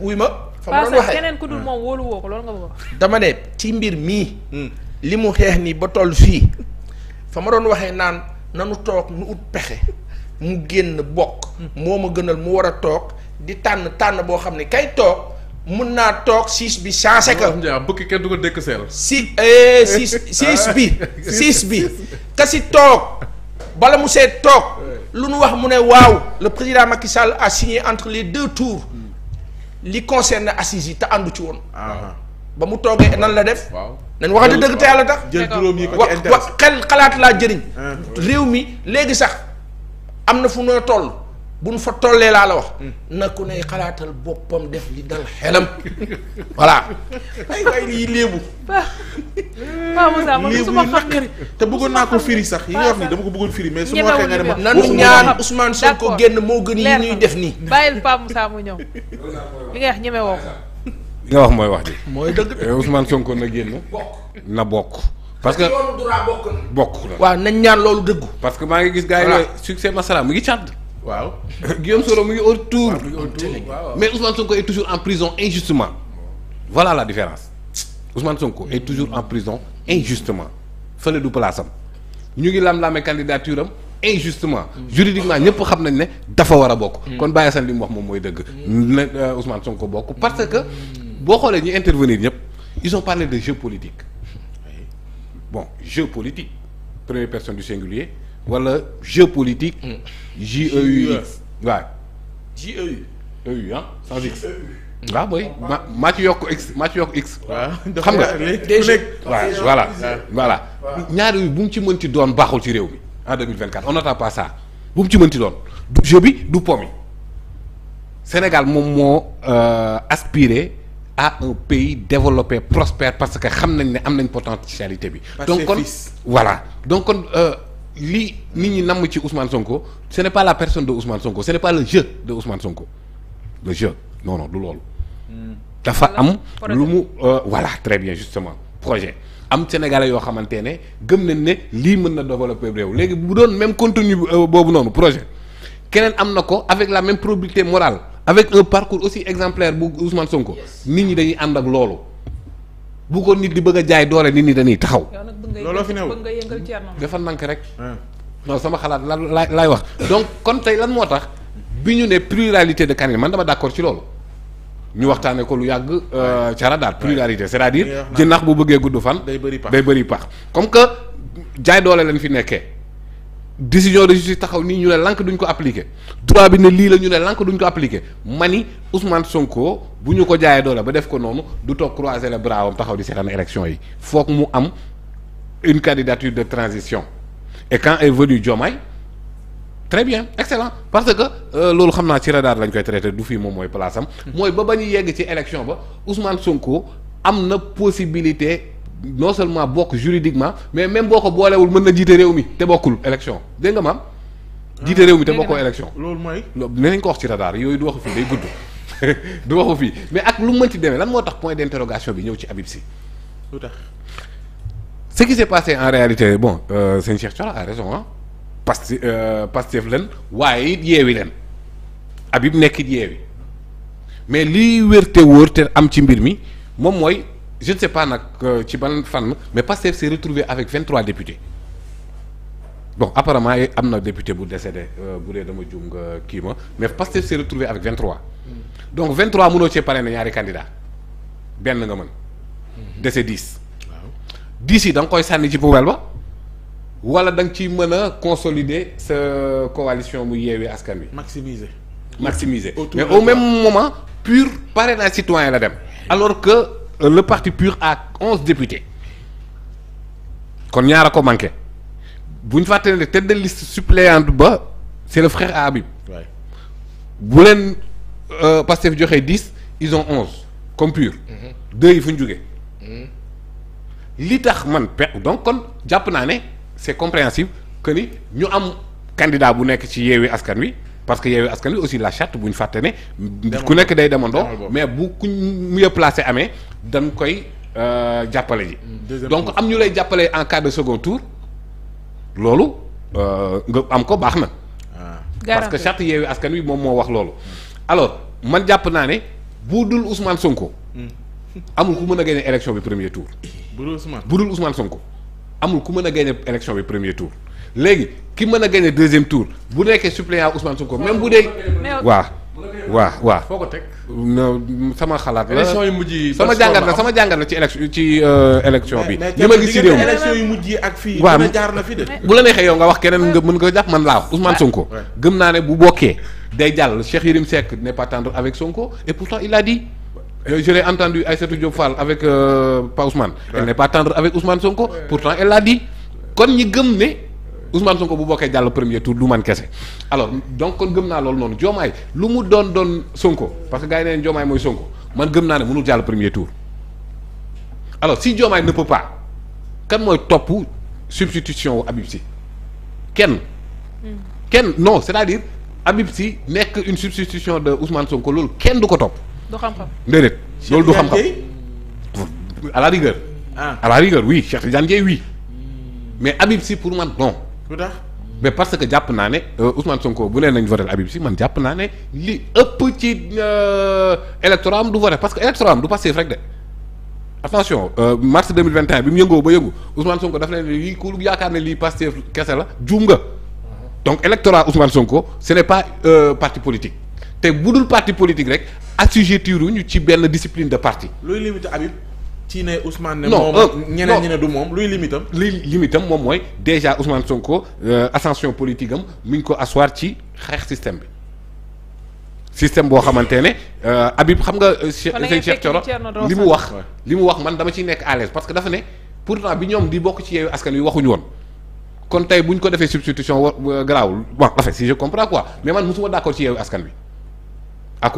wuy ma. fa ma doon waxee dul mm. moom wóolu woo ko loolu nga bëgg dama ne ci mbir mii. Mm. li mu xeex nii ba toll fii fa ma doon waxee naan nanu toog nu ut pexe mu génn bokk. Mm. moo ma gënal mu war a toog di tànn tànn boo xam ne kay toog. mun naa toog siis bi changé ka du ko dëkk eh, ah. si siis siis bi siis bi kasi toog bala mu seet toog lu nu wax mu ne waaw le président Macky Sall a signé entre les deux tours li concerne assises yi te àndu ci woon. Ah, ah. ba mu toogee nan la def. waaw nañ waxati dëgg te yàlla tax. jël juróom yi ko ci wax xel xalaat laa jëriñ. Ah, réew mi léegi sax am na fu noo toll. bu buñ fa tollee laa la wax hmm. na ku ne xalaatal boppam def li dal xelam voilà ay waay léebu léebu naqari te bëggoon naa ko firi sax yi nga wax dama ko bëggoon firi mais su ma waxee nga ne ma nanu ñaan Ousmane génn moo gën yi ñuy def nii bàyyil Pa Moussa mu ñëw li nga wax mooy wax ji mooy dëgg eh, Ousmane Sonko na génn na bokk parce que bokk na waaw nañ ñaan loolu dëggu parce que maa ngi gis gars yi succès masala mu ngi càdd waaw Guillaume Soro mu ngi au mais Ousmane Sonko est toujours en prison injustement voilà la différence Ousmane Sonko est toujours en prison injustement fële du place am ñu ngi lam-laame candidature am injustement juridiquement ñëpp xam nañ ne dafa war a bokk kon Baye Assane li mu wax moom mooy dëgg na euh, Ousmane Sonko bokk parce que boo xoolee ñu intervenir ñëpp ils ont parlé de jeu politique bon jeu politique première personne du singulier wala jeu politique. JEUX JEU. EU ah sans X. waaw hmm. ah, ah. booy ma maa yokk X maa ci yokk X. Ah. xam nga léegi voilà voilà. ñaar yooyu bu mu ci mënti doon baaxul ci réew mi en 2024 on n'attend pas ça bu mu ci mënti doon du jeu bi du po Sénégal moom moo euh, aspiré. à un pays développé prosper parce que xam nañ ne am nañ potentialité bi. donc kon voilà donc kon. Euh, li nit ñi namm ci Ousmane Sonko ce n'est pas la personne de Ousmane Sonko ce n'est pas le jeu de Ousmane Sonko le jeu non non du loolu. Hmm. dafa am lu mu euh, voilà très bien justement projet am sénégalais yoo xamante ne gëm nañ ne lii mën na développer réew léegi bu doon même contenu euh, boobu noonu projet keneen am na ko avec la même probité morale avec un parcours aussi exemplaire bu Ousmane Sonko nit ñi dañuy ànd ak loolu bu ko nit di bëgg jaay doole nit ñi dañuy taxaw. looloo fi ne bëgg nga yëngal Thierno dafa nank rek. non sama xalaat lan laay laay wax donc kon tey lan moo tax bi ñu ne pluralité de candidats man dama d'accord ci loolu. ñu waxtaanee ko lu yàgg euh, cara daal pluralité c'est-à-dire jënaax bu bëggee gudd fan day bëri pax comme que jaay doole lañ fi nekkee décision de taxaw nii ñu ne lank duñ ko appliquer droit bi ne lii la ñu ne lank duñ ko appliquer mani Ousmane Sonko bu ñu ko jaayee doole ba def ko noonu du toog croiser les bras wam taxaw di seetaan élection yi foog mu am une candidature de transition et quand est venu Diomaye très bien excellent parce que euh, loolu xam naa ci radar lañ koy traité du fii moom mooy place am. mooy ba ba ñu yegg ci élection ba Ousmane Sonko am na possibilité non seulement bokk juridiquement mais même boo ko boolewul mën na jiite réew mi te bokkul élection dégg nga maam. jiite réew mi te bokkoo élection. loolu mooy. loolu dinañ ko wax ci radar yooyu du waxu fii day gudd du waxu fii mais ak lu mën ci demee lan moo tax point d'interrogation bi ñëw ci Habib Sy. ce qui s'est passé en réalité bon seen Cheikh Thioro a raison ah Pastef Pastef len waaye it yeewi leen Habib nekk it yeewi mais li wér te wóor te am ci mbir mi moom mooy je ne sais pas nag euh, ci ban fan mais Pastef s'est retrouvé avec 23 députés bon yi eh, am na député bu décédé euh, bu dee dama juum nga kii ma mais Pastef s'est retrouvé avec 23 mm. donc 23 mënoo cee paree na ñaari candidat benn nga mën mm-hmm. dese 10. d'ici da danga koy sànni ci poubelle ba wala da nga ciy mën a consolider sa coalition bu yeewee askan bi maximiser. maximiser mais au même moment pur parrainage citoyen la dem alors que euh, le parti pur a onze députés kon ñaar a ko manqué bu ñu fàttali ne tête de ba c'est le frère Habib. bu leen euh, Pastef joxee dix ils ont onze comme pur. Mm-hmm. deux yi fu ñu jógee. Mm-hmm. li tax man pe donc kon jàpp naa ne c'est compréhensible que ni ñu am candidat bu nekk ci yeewi askan wi parce que yeewi askan wi aussi la charte bu ñu fàtte ne ku nekk day demandoo mais bu ku mieux placé amee dañ koy euh, jàppale ji mm, donc am ñu lay jàppale en cas de second tour loolu euh, nga am ko baax na parce que charte yeewi askan wi moom moo wax loolu alors man jàpp naa ne bu dul Ousmane Sonko mm. amul ku mën a gagné élection bi premier tour. bu Ousmane budul Ousmane Sonko. amul ku mën a gagné élection bi premier tour léegi ki mën a gagné deuxième tour bu nekkee suppléant Ousmane Sonko même bu dee. waa waaw waaw. foo ko teg sama xalaat la élection yu mujj sama jàngat la sama jàngat la ci élection ci euh, élection bi. li ma gis ci réew mi élection yu mujj ak fii. waaw jaar na fi de. bu la neexee yow nga wax keneen nga mën nga jàpp man laa Ousmane Sonko. gëm naa ne bu bokkee day jàll Cheikh Yérim Seck n'est pas tendre avec Sonko et pourtant il a dit. Euh, je l'ai entendu Aïssatou Diop Fall avec euh, pas Ousmane elle n'est pas tendre avec Sonko pourtant elle l'a dit kon ñi gëm ne Ousmane bu bokkee jàll premier tour du man kese alors donc kon gëm naa loolu noonu Diomaye lu mu doon doon Sonko parce que gars yi mooy Sonko man gëm naa ne mënul jàll premier tour alors si Diomaye ne peut pas kan mooy topp substitution wu Habib Sy kenn hmm. kenn non c'est-à-dire Habib Sy nekk une substitution de Ousmane Sonko loolu kenn du ko topp du xam-xam déedéet. loolu du xam-xam à la rigueur. ah à la rigueur oui Cheikh Tidiane Dièye hmm. mais Habib Sy pour man non. lu tax mais parce que jàpp naa ne euh, Ousmane Sonko bu leen nañ voté Habib Sy man jàpp naa ne li ëpp ci euh, électorat am du voté parce que électorat am du passé rek de. attention euh, mars 2021 bi mu yëngoo ba yëngu Ousmane Sonko daf leen lii ku yaakaar ne lii Pastef kese la juum nga uh-huh. donc électorat Ousmane Sonko ce n'est pas parti politique te budul parti politique rek assujettir ñu ci benn discipline de parti. luy limite Habib ci ne Ousmane. ne moom euh, ñeneen ñi ne du moom luy limitam luy limitam moom mooy déjà Ousmane Sonko euh, ascension politique am mi ngi ko asseoir ci xeex système bi. système boo xamante ne euh, Habib xam nga. sëñ Cheikh Thioro li mu wax. li mu wax man dama ciy nekk à parce que dafa ne pourtant bi ñoom di bokk ci yeewu askan wi waxuñu woon. kon tey bu ñu ko defee substitution wa garaawul bon en fait si je quoi mais man mosuma d'accord ci yeewu askan wi à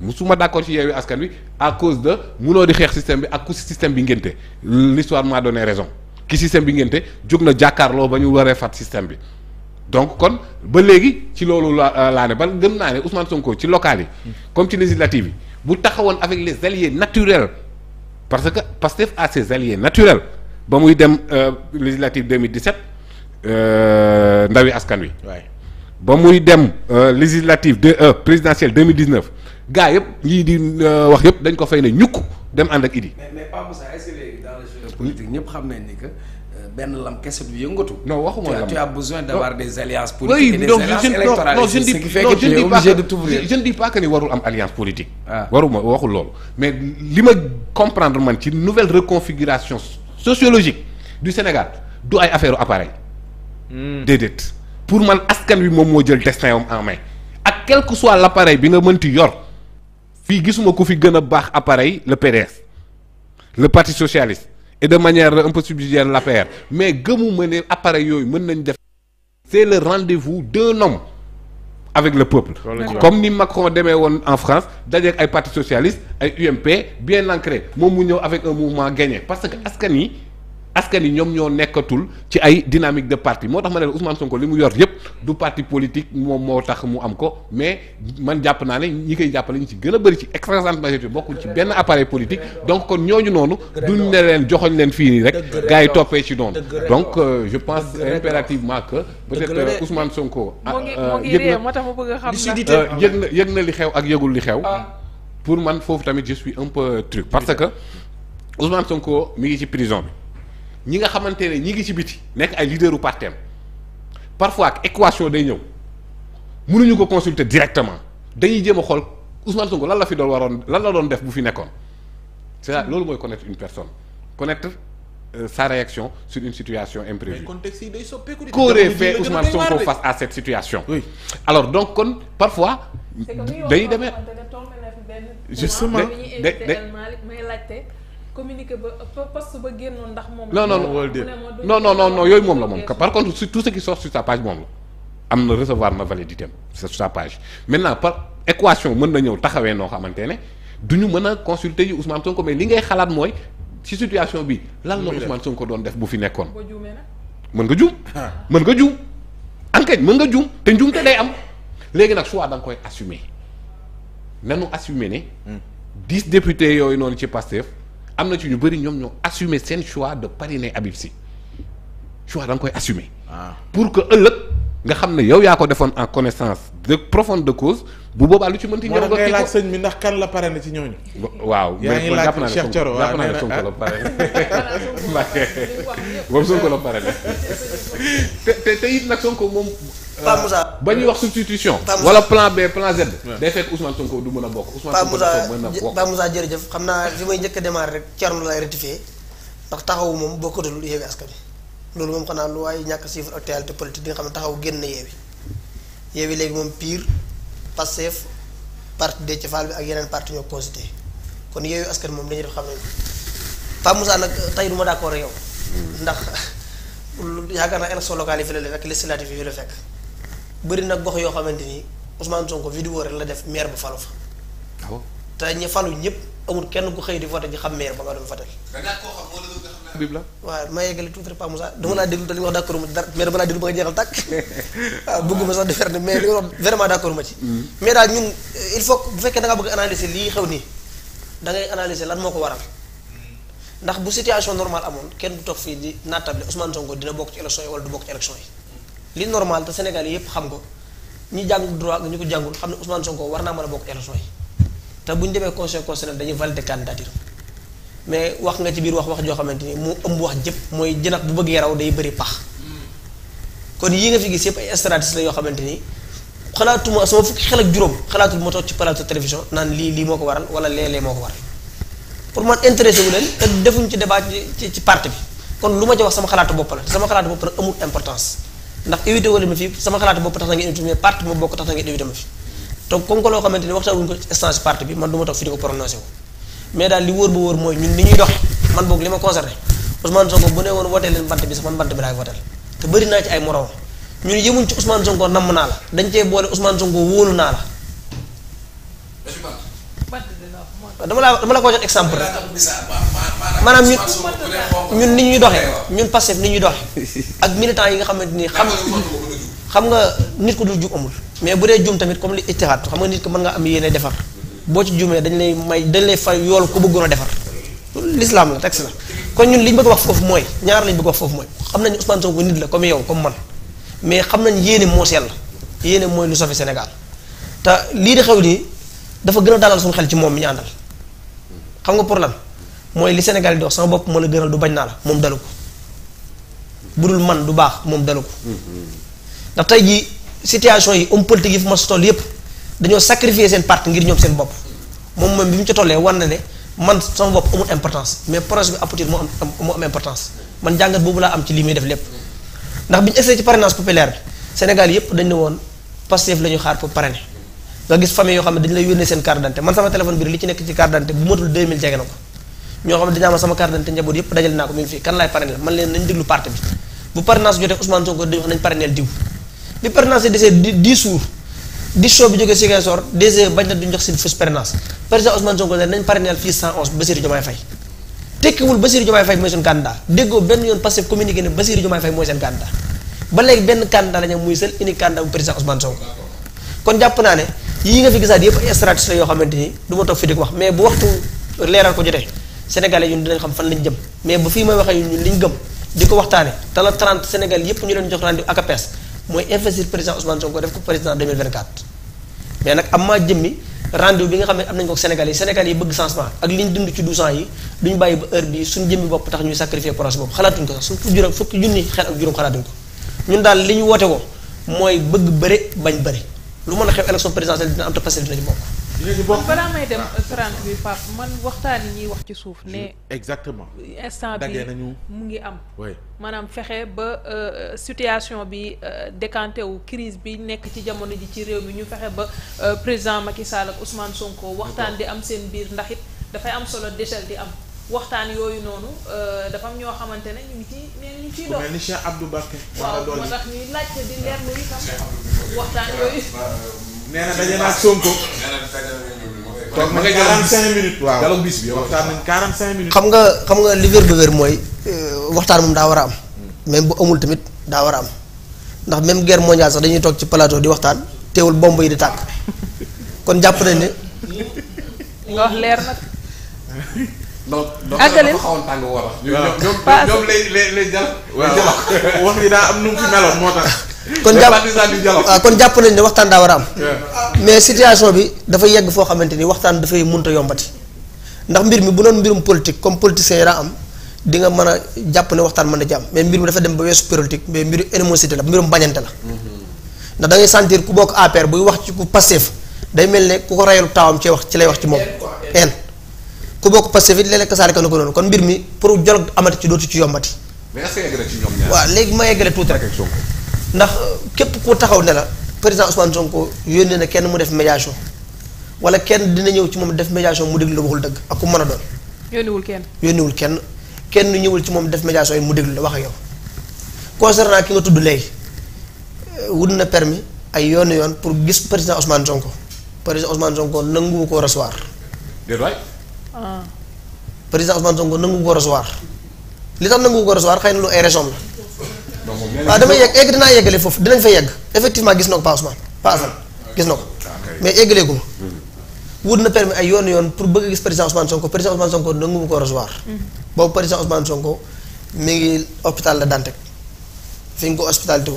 musuma d'accord ci yeewi askan wi à cause de munoo di xeex système bi ak ku système bi ngénte l'histoire m'a donné raison ki système bi ngénte jóg na jàkkaarloo ba ñu waree fat système bi donc kon ba léegi ci loolu la euh, laa ne ba gëm naa ne Ousmane Sonko ci local yi mm. comme ci législative yi bu taxawoon avec les alliés naturels parce que Pastef a ses alliés naturels ba muy dem euh, législative 2017 euh, ndawi askan wi. ba muy dem législative de présidentielle 2019 gaa yëpp ñii di euh, wax yëpp dañ ko fay ne ñukk dem ànd ak Idi. mais ñëpp xam nañ ni que euh, benn lam kese du yëngatu. non waxuma lam tu as des alliances politiques et des alliances électorales non je ne dis non je ne dis pas je ne dis pas que ah. loolu mais li ma comprendre man ci nouvelle reconfiguration sociologique du Sénégal du ay affaire appareil. Hmm. déedéet pour man askan wi moom moo jël destin am en main ak quel que soit l'appareil bi nga mënti yor. fii gisuma ku fi gën a baax appareil le PDS le parti socialiste et de manière un peu subsidiaire mais gëmuma ne appareil yooyu mën nañ def c'est le rendez-vous d'un homme avec le peuple comme ni Macron demee woon en France dajeek ay parti socialiste ay UMP bien ancré moom mu ñëw avec un mouvement gagné parce que askan yi askan yi ñoom ñoo nekkatul ci ay dynamique de parti moo tax ma ne la Ousmane Sonko li mu yor yépp du parti politique moom moo tax mu am ko mais man jàpp naa ne ñi koy jàppale ñu ci gën a bëri ci écrasante majorité bokkul ci benn appareil politique donc kon ñooñu noonu duñ ne leen joxoñ leen fii nii rek gars yi toppee ci noonu donc euh, je pense ma que peut-être euh, Ousmane Sonko ah, euh, yëg na yëg na yëg na li xew ak yëgul li xew ah. pour man foofu tamit je suis un peu parce que Ousmane Sonko mi ngi ci prison bi ñi nga xamante ne ñi ngi ci biti nekk ay leader u partem parfois équation day ñëw mënuñu ko consulter directement dañuy jéem a xool Ousmane Sonko lan la fi doon waroon lan la doon def bu fi nekkoon c'est ça loolu mooy connaître une personne connaître euh, sa réaction sur une situation imprévue. mais contexte yi day soppeeku de. qu'aurait fait Ousmane Sonko face à cette situation. oui alors donc kon parfois. dañuy demee c'est que muy wax communiqué ba poste ba génnoon ndax moom. non non non non non non yooyu moom la moom par contre sur tout ce qui sort sur sa page moom la am na recevoir na validité am sur sa page maintenant par équation mën na ñëw taxawee noo xamante ne du ñu mën a consulter yu Ousmane Sonko mais li ngay xalaat mooy ci situation bi lan la Ousmane Sonko doon def bu fi nekkoon. mën nga juum ah. mën nga juum enquête mën nga juum te njuumte day am léegi nag soit da nga koy assumer nanu assumer ne hmm. dix députés yooyu noonu ci Pastef am na ci ñu bëri ñoom ñoo assumer seen choix de parrainer Habib Sy choix da nga koy assumer. Ah. pour que ëllëg. nga xam ne yow yaa ko defoon en connaissance de profonde de cause bu boobaa lu ci mënti. ñëw nga kii ko laaj sëñ bi ndax kan la pare na ci ñooñu. waaw mais naa ne Cheikh Thioro jàpp naa ne Sonko la pare moom Sonko la pare te te te it nag Sonko moom. Euh, Pape Moussa ba ñuy wax substitution. wala plan B plan Z. day fekk Ousmane Sonko du mën a bokk. Ousmane Sonko mën na bokk jërëjëf xam naa li may jëkk a rek Thierno lay rectifier ndax taxawu moom boo ko bokkatul Yewwi Askan Wi loolu moom xanaa lu waaye ñàkk chiffre actualité politique di nga xam ne taxaw génn yeewi yeewi léegi moom pire Pastef parti de ci faal bi ak yeneen parti ñoo consulté kon yeewi askan moom dañuy def xam ne Pape tey du ma d'accord yow hmm. ndax yaakaar naa élection locale yi fi la fekk législative yi fi la fekk bëri nag gox yoo xamante ni Ousmane Sonko vidéo rek la def maire bu falu fa ah te falu ñëpp amul kenn ku xëy di voté ji xam maire ba nga dem voté. da ngaa koo xam moo la nga xam ne Habib la. waaw ma yeggale tuuti laa déglu te li nga wax d' accord ma dara maire dama laa mais li nga vraiment d' ma ci. Mm. mais daal ñun il faut bu fekkee da ngaa bëgg analyser lii xew nii da ngay analyser lan moo ko waral ndax bu situation normal amoon kenn du toog fii di naatable Ousmane Sonko dina bokk ci élection yi wala du bokk ci élection yi. li normal te Sénégal yëpp xam ko ñi jàng droit ñu ko jàngul xam ne Ousmane Sonko war naa mën a bokk ci te bu ñu demee conseil constitutionnel dañuy valider candidature mais wax nga ci biir wax wax joo xamante ni moo ëmb wax jëpp mooy jënax bu bëggee yaraw day bëri pax kon yi nga fi gis yëpp ay stratégie la yoo xamante ni xalaatuma ma fukki xel ak juróom xalaatul ma toog ci plateau télévision naan lii lii moo ko waral wala léeg-léeg moo ko waral pour man intéressé wu leen defuñ ci débat ci ci parti bi kon lu ma ci wax sama xalaatu bopp la te sama xalaatu bopp nag amul importance ndax évité ma fi donc comme que loo xamante ni waxtaan wuñ ko instance parti bi man du ma fi di ko prononcé wu mais daal li wóor ba wóor mooy ñun ni ñuy dox man boog li ma concerné Ousmane Sonko bu ne woon wootee leen bant bi sax man bant bi laay wooteel te bëri naa ci ay morom ñun yëmuñ ci Ousmane Sonko namm naa la dañ cee boole Ousmane Sonko wóolu naa la. dama la dama la ko exemple rek maanaam ñun ñun ni ñuy doxee ñun Pastef ni ñuy doxee ak militants yi nga xamante ni xam. xam nga nit ko dul jum amul mais bu dee jum tamit comme li ijtihaad xam nga nit ko mën nga am yéene defar boo ci jumee dañ lay may dañ lay fay yool ku bëggoon a defar lislaam la texte la kon ñun li ñu wax foofu mooy ñaar lañu bëgg wax foofu mooy xam nañu Ousmane Sonko la comme yow comme man mais xam nañ yéene moo sell la yéene mooy lu safi Sénégal te lii di xew nii dafa gën a dalal suñu xel ci moom mi ñu xam nga pour lan mooy li Sénégal yi di wax sama bopp moo la gënal du bañ naa la moom dalu ko bu dul man du baax moom dalu ko mm-hmm. ndax tey jii situation yi homme politique yi fu ma si toll yépp dañoo sacrifier seen parti ngir ñoom seen bopp moom moom bi mu ci tollee war na ne man sama bopp amul importance mais bi apporté def lépp ndax bi ñu essayé ci seen carte man sama téléphone bi li ci nekk ci carte bu matul 2000 jege na ko ñoo xam ne dañaa ma sama carte njaboot yépp dajal naa ko mi fii kan laay parrainer man leen nañ déglu parti bi bu parrainage jotee Ousmane Sonko dañu wax nañ parrainer diw bi pertinence yi desee dix jours dix jours bi jógee Ziguinchor DG bañ na duñ jox seen fausse pertinence président Ousmane Sonko ne nañ parrainel fii 111 Bassirou Diomaye Faye tekkiwul Bassirou Diomaye Faye mooy seen candidat déggoo benn yoon passé communiqué ne Bassirou Diomaye Faye mooy seen candidat ba léegi benn candidat lañu muy seul unique candidat bu président Ousmane Sonko kon jàpp naa ne yii nga fi gisaat yëpp ay stratégie la yoo xamante ni du ma toog fi di ko wax mais bu waxtu fii may di ko waxtaane te la 30 yëpp ñu leen jox mooy investir président Ousmane Sonko def ko président 2024. mais nag am maa jëmmi rendez bi nga xam ne am nañu ko Sénégal yi Sénégal yi bëgg changement ak li ñu dund ci 12 ans yi duñu bàyyi ba heure bi suñu jëmmi bopp tax ñu sacrifier projet boobu xalaatuñ ko sax suñu fukki juróom fukki junni xel ak juróom xalaatuñ ko ñun daal li ñu woote ko mooy bëgg bëre bañ bëre lu mën a xew élection présidentielle dina am te Pastef dina ci bokk man balaa may dem 30 bi Pape man waxtaan yi ñuy wax ci suuf ne. exactement instant bi mu ngi am. maanaam fexe ba euh, situation bi euh, décanté wu crise bi nekk ci jamono ji ci réew mi ñu fexe ba euh, président Macky Sall ak Ousmane Sonko waxtaan di am seen biir ndax it dafay am solo déchelle di am. waxtaan yooyu noonu dafa ñoo xamante ne ñu ngi ci neen ñu ciy dox waaw moo tax ñuy laajte di leer lu itam waxtaan yooyu nee na daje bi xam nga xam nga li wér ba wér mooy euh, waxtaan moom daa war a am. même bu amul tamit daa war a am ndax même guerre sax dañuy toog ci plateau di waxtaan teewul bomb yi di tàkk kon jàpp nañ ne. nga wax leer nag. àggali waaw wax yi daa am nu mu fi meloon kon jàpp waaw kon jàpp nañ ne waxtaan daa war a am. mais situation bi dafa yegg foo xamante ni waxtaan dafay munta yombati ndax mbir mi bu doon mbirum politique comme politicien yi daa am di nga mën a jàpp ne waxtaan mën a jàmm mais mbir mi dafa dem ba weesu politique mais mbiru animosité la mbirum bañante la. Mm-hmm. ndax da ngay sentir ku bokk APR buy wax ci ku Pastef day mel ne ku ko rayal taawam ci wax ci lay wax ci moom. en ku bokk Pastef it léeg-léeg kasaare ko noonu kon mbir mi pour jol amati ci dootu ci yombati. mais est-ce que yegg na ci ñoom ñaar léegi ma yeggale tuuti ndax képp ku taxaw ne la président Ousmane Sonko yónnee na kenn mu def médiation wala kenn dina ñëw ci moom def médiation mu déglu la waxul dëgg ak ku mën a doon. yónniwul kenn yónniwul kenn kenn ñëwul ci moom def médiation yi mu déglu la wax ak yow. concernant ki nga tudd léegi euh, wut na permis ay yoon yoon pour gis président Ousmane Sonko président Ousmane Sonko nangu ko recevoir. déedéet ah. président Ousmane Sonko nangu ko recevoir li tax nangu ko recevoir xëy na lu ay raison la. waaw ah, dama yegg egg dinaa yeggale foofu dinañ fa yegg effectivement gis na ko Pa Ousmane Pa Assane gis na ko mais eggalee gu ma wut na permis ay yoon yoon pour bëgg a gis président Ousmane Sonko président Ousmane Sonko nangu mu ko recevoir boobu président Ousmane Sonko mi ngi nga ko hospitalité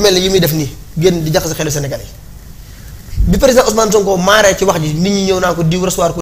ci ni yi muy def nii génn di jaxase xelu Sénégal yi bi président Ousmane Sonko wax ji nit ñi ñëw naa ko diw recevoir ko